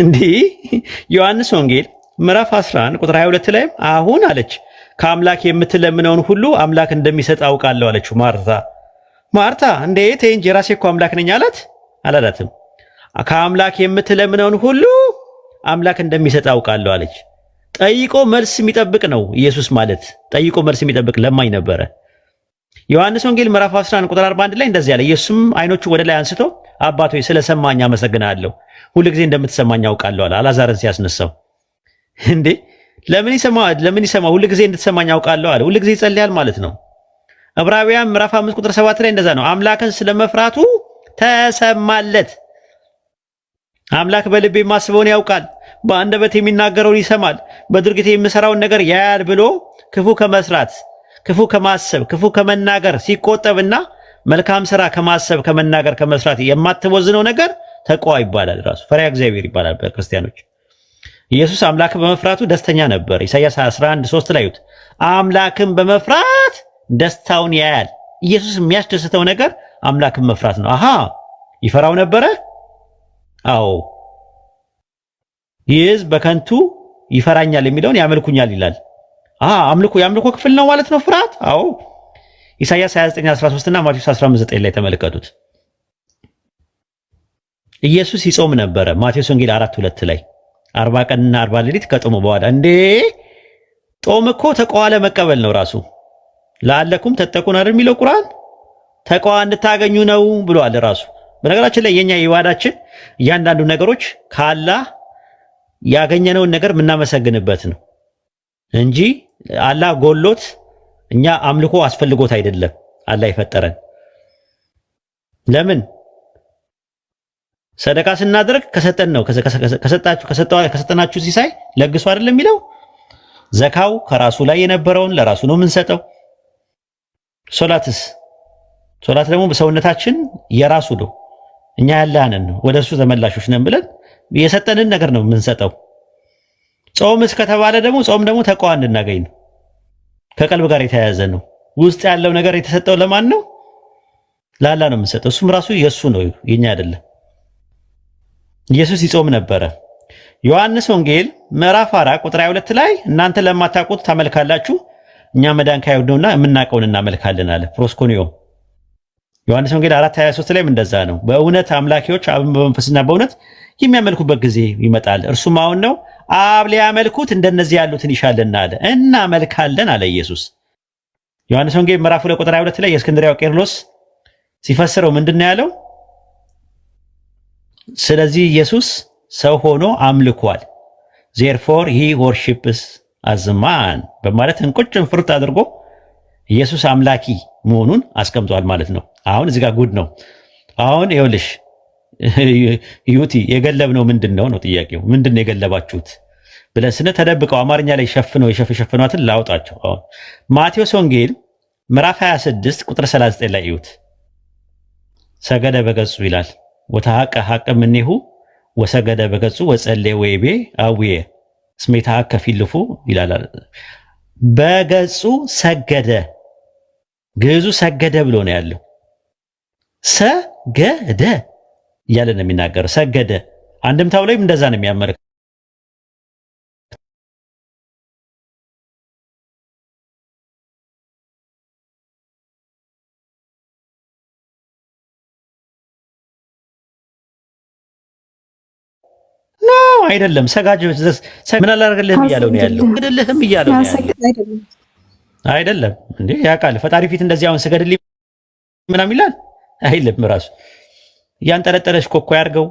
እንዲህ ዮሐንስ ወንጌል ምዕራፍ 11 ቁጥር 22 ላይ አሁን አለች ከአምላክ የምትለምነውን ሁሉ አምላክ እንደሚሰጥ አውቃለሁ አለችው። ማርታ ማርታ እንዴት እንጂ ራሴ እኮ አምላክ ነኝ አላት አላላትም። ከአምላክ የምትለምነውን ሁሉ አምላክ እንደሚሰጥ አውቃለሁ አለች። ጠይቆ መልስ የሚጠብቅ ነው ኢየሱስ ማለት። ጠይቆ መልስ የሚጠብቅ ለማኝ ነበረ። ዮሐንስ ወንጌል ምዕራፍ 11 ቁጥር 41 ላይ እንደዚህ አለ ኢየሱስም አይኖቹ ወደ ላይ አንስቶ አባቶች ስለሰማኝ አመሰግናለሁ፣ ሁልጊዜ እንደምትሰማኝ አውቃለሁ አለ አልዓዛርን ሲያስነሳው። እንዴ ለምን ይሰማ ለምን ይሰማ ሁልጊዜ እንድትሰማኝ አውቃለሁ አለ። ሁልጊዜ ይጸልያል ማለት ነው። ዕብራውያን ምዕራፍ 5 ቁጥር 7 ላይ እንደዛ ነው። አምላክን ስለመፍራቱ ተሰማለት። አምላክ በልቤ የማስበውን ያውቃል፣ በአንደበት የሚናገረውን ይሰማል፣ በድርጊት የምሰራውን ነገር ያያል ብሎ ክፉ ከመስራት ክፉ ከማሰብ ክፉ ከመናገር ሲቆጠብና መልካም ስራ ከማሰብ ከመናገር ከመስራት የማትወዝነው ነገር ተቋ ይባላል። ራሱ ፈሪያ እግዚአብሔር ይባላል በክርስቲያኖች። ኢየሱስ አምላክን በመፍራቱ ደስተኛ ነበር። ኢሳያስ 11 3 ላይ ይዩት። አምላክን በመፍራት ደስታውን ያያል። ኢየሱስ የሚያስደስተው ነገር አምላክን መፍራት ነው። አሃ ይፈራው ነበረ? አዎ ይህ በከንቱ ይፈራኛል የሚለውን ያመልኩኛል ይላል። አምልኮ የአምልኮ ክፍል ነው ማለት ነው ፍርሃት። አዎ ኢሳያስ 13 እና ማቴዎስ 19 ላይ ተመልከቱት። ኢየሱስ ይጾም ነበረ። ማቴዎስ ወንጌል 4 ሁለት ላይ 40 ቀንና 40 ሌሊት ከጾመ በኋላ እንዴ ጦም እኮ ተቃዋለ መቀበል ነው ራሱ ለአለኩም ተጠቁን አይደል የሚለው ቁርአን ተቃዋ እንድታገኙ ነው ብሏል ራሱ። በነገራችን ላይ የኛ ይዋዳችን እያንዳንዱ ነገሮች ከአላህ ያገኘነውን ነገር የምናመሰግንበት ነው እንጂ አላህ ጎሎት እኛ አምልኮ አስፈልጎት አይደለም አላህ የፈጠረን። ለምን ሰደቃ ስናደርግ ከሰጠን ነው። ከሰጣችሁ ከሰጠናችሁ ሲሳይ ለግሱ አይደለም የሚለው ዘካው ከራሱ ላይ የነበረውን ለራሱ ነው የምንሰጠው። ሶላትስ ሶላት ደግሞ በሰውነታችን የራሱ ነው። እኛ ያለንን ነው ወደ እርሱ ተመላሾች ነን ብለን የሰጠንን ነገር ነው የምንሰጠው። ጾምስ ከተባለ ደግሞ ጾም ደግሞ ተቋዋ እንድናገኝ ነው። ከቀልብ ጋር የተያያዘ ነው። ውስጥ ያለው ነገር የተሰጠው ለማን ነው? ላላ ነው የምንሰጠው። እሱም ራሱ የእሱ ነው፣ የኛ አይደለም። ኢየሱስ ይጾም ነበረ። ዮሐንስ ወንጌል ምዕራፍ 4 ቁጥር 22 ላይ እናንተ ለማታውቁት ታመልካላችሁ፣ እኛ መዳን ከአይሁድ ነውና የምናውቀውን እናመልካለን አለ። ፕሮስኮኒዮ ዮሐንስ ወንጌል 4 23 ላይም እንደዛ ነው። በእውነት አምላኪዎች አብን በመንፈስና በእውነት የሚያመልኩበት ጊዜ ይመጣል። እርሱም አሁን ነው። አብ ሊያመልኩት እንደነዚህ ያሉትን ይሻልና አለ። እናመልካለን አለ ኢየሱስ። ዮሐንስ ወንጌል ምዕራፍ ሁለት ቁጥር 22 ላይ የእስክንድሪያው ቄርሎስ ሲፈስረው ምንድን ነው ያለው? ስለዚህ ኢየሱስ ሰው ሆኖ አምልኳል። ዜርፎር ሂ ወርሺፕስ አዝማን በማለት እንቁጭን ፍርት አድርጎ ኢየሱስ አምላኪ መሆኑን አስቀምጧል ማለት ነው። አሁን እዚህ ጋር ጉድ ነው። አሁን ይኸውልሽ ዩቲ የገለብ ነው ምንድን ነው ነው ጥያቄው። ምንድን ነው የገለባችሁት ብለን ስነ ተደብቀው አማርኛ ላይ ሸፍነው የሸፈሸፈኗትን ላውጣቸው። አሁን ማቴዎስ ወንጌል ምዕራፍ 26 ቁጥር 39 ላይ እዩት። ሰገደ በገጹ ይላል ወተሐቀ ሐቀ እምኔሁ ወሰገደ በገጹ ወጸለየ ወይቤ አቡየ ስሜታ ይትሐቀ ፊልፉ ይላል። በገጹ ሰገደ ግዕዙ ሰገደ ብሎ ነው ያለው ሰገደ እያለ ነው የሚናገረው። ሰገደ አንድምታው ላይም እንደዛ ነው የሚያመለክ አይደለም ሰጋጅ ምን አላደረገልህም እያለው ነው ያለው። ግድልህም እያለው ነው ያለው። አይደለም እንዴ ያውቃል። ፈጣሪ ፊት እንደዚህ አሁን ስገድልኝ ምናምን ይላል አይልም ራሱ እያንጠለጠለች ኮኮ ያርገው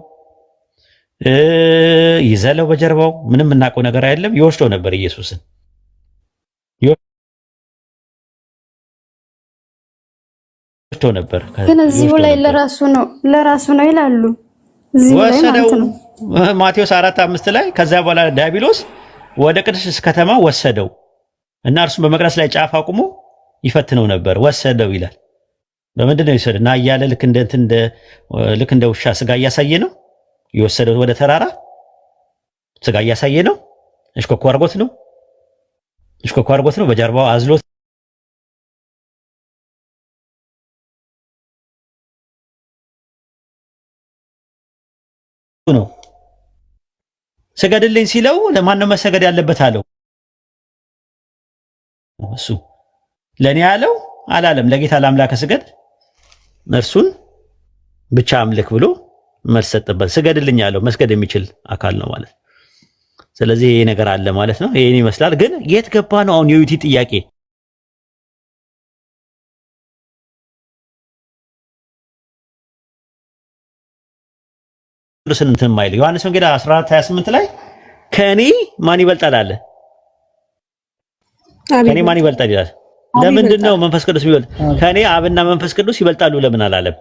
ይዘለው በጀርባው ምንም እናውቀው ነገር አይደለም። ይወስደው ነበር ኢየሱስን ይወስደው ነበር። ግን እዚሁ ላይ ለራሱ ነው ለራሱ ነው ይላሉ። እዚሁ ላይ ማለት ነው ማቴዎስ አራት አምስት ላይ ከዚያ በኋላ ዲያብሎስ ወደ ቅድስት ከተማ ወሰደው እና እርሱም በመቅደስ ላይ ጫፍ አቁሞ ይፈትነው ነበር ወሰደው ይላል። በምንድን ነው የወሰደ? ና እያለ ልክ እንደ እንትን ልክ እንደ ውሻ ስጋ እያሳየ ነው የወሰደው። ወደ ተራራ ስጋ እያሳየ ነው። እሽኮኮ ነው እሽኮኮ አድርጎት ነው። በጀርባው አዝሎት ነው። ስገድልኝ ሲለው ለማን ነው መሰገድ ያለበት አለው። እሱ ለእኔ ያለው አላለም። ለጌታ ለአምላከ ስገድ እርሱን ብቻ አምልክ ብሎ መልስ ሰጠበት። ስገድልኝ ያለው መስገድ የሚችል አካል ነው ማለት ነው። ስለዚህ ይሄ ነገር አለ ማለት ነው። ይሄን ይመስላል። ግን የት ገባ ነው አሁን የዩቲ ጥያቄ? እንትን ማይል ዮሐንስ ወንጌል 14 28 ላይ ከኔ ማን ይበልጣል አለ። ከኔ ማን ይበልጣል ይላል ለምንድን ነው መንፈስ ቅዱስ የሚበልጥ? ከእኔ አብና መንፈስ ቅዱስ ይበልጣሉ ለምን አላለም?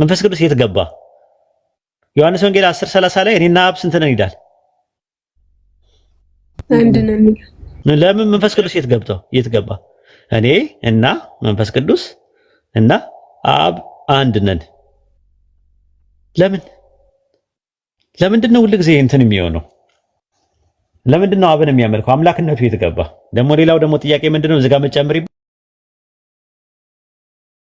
መንፈስ ቅዱስ የት ገባ? ዮሐንስ ወንጌል 10 30 ላይ እኔና አብ ስንት ነን ይላል። ለምን መንፈስ ቅዱስ የት ገብተው የት ገባ? እኔ እና መንፈስ ቅዱስ እና አብ አንድ ነን። ለምን ለምንድን ነው ሁልጊዜ እንትን የሚሆነው? ለምንድን ነው አብን የሚያመልከው? አምላክነቱ የት ገባ? ደግሞ ሌላው ደግሞ ጥያቄ ምንድነው ነው እዚህ ጋር መጨመር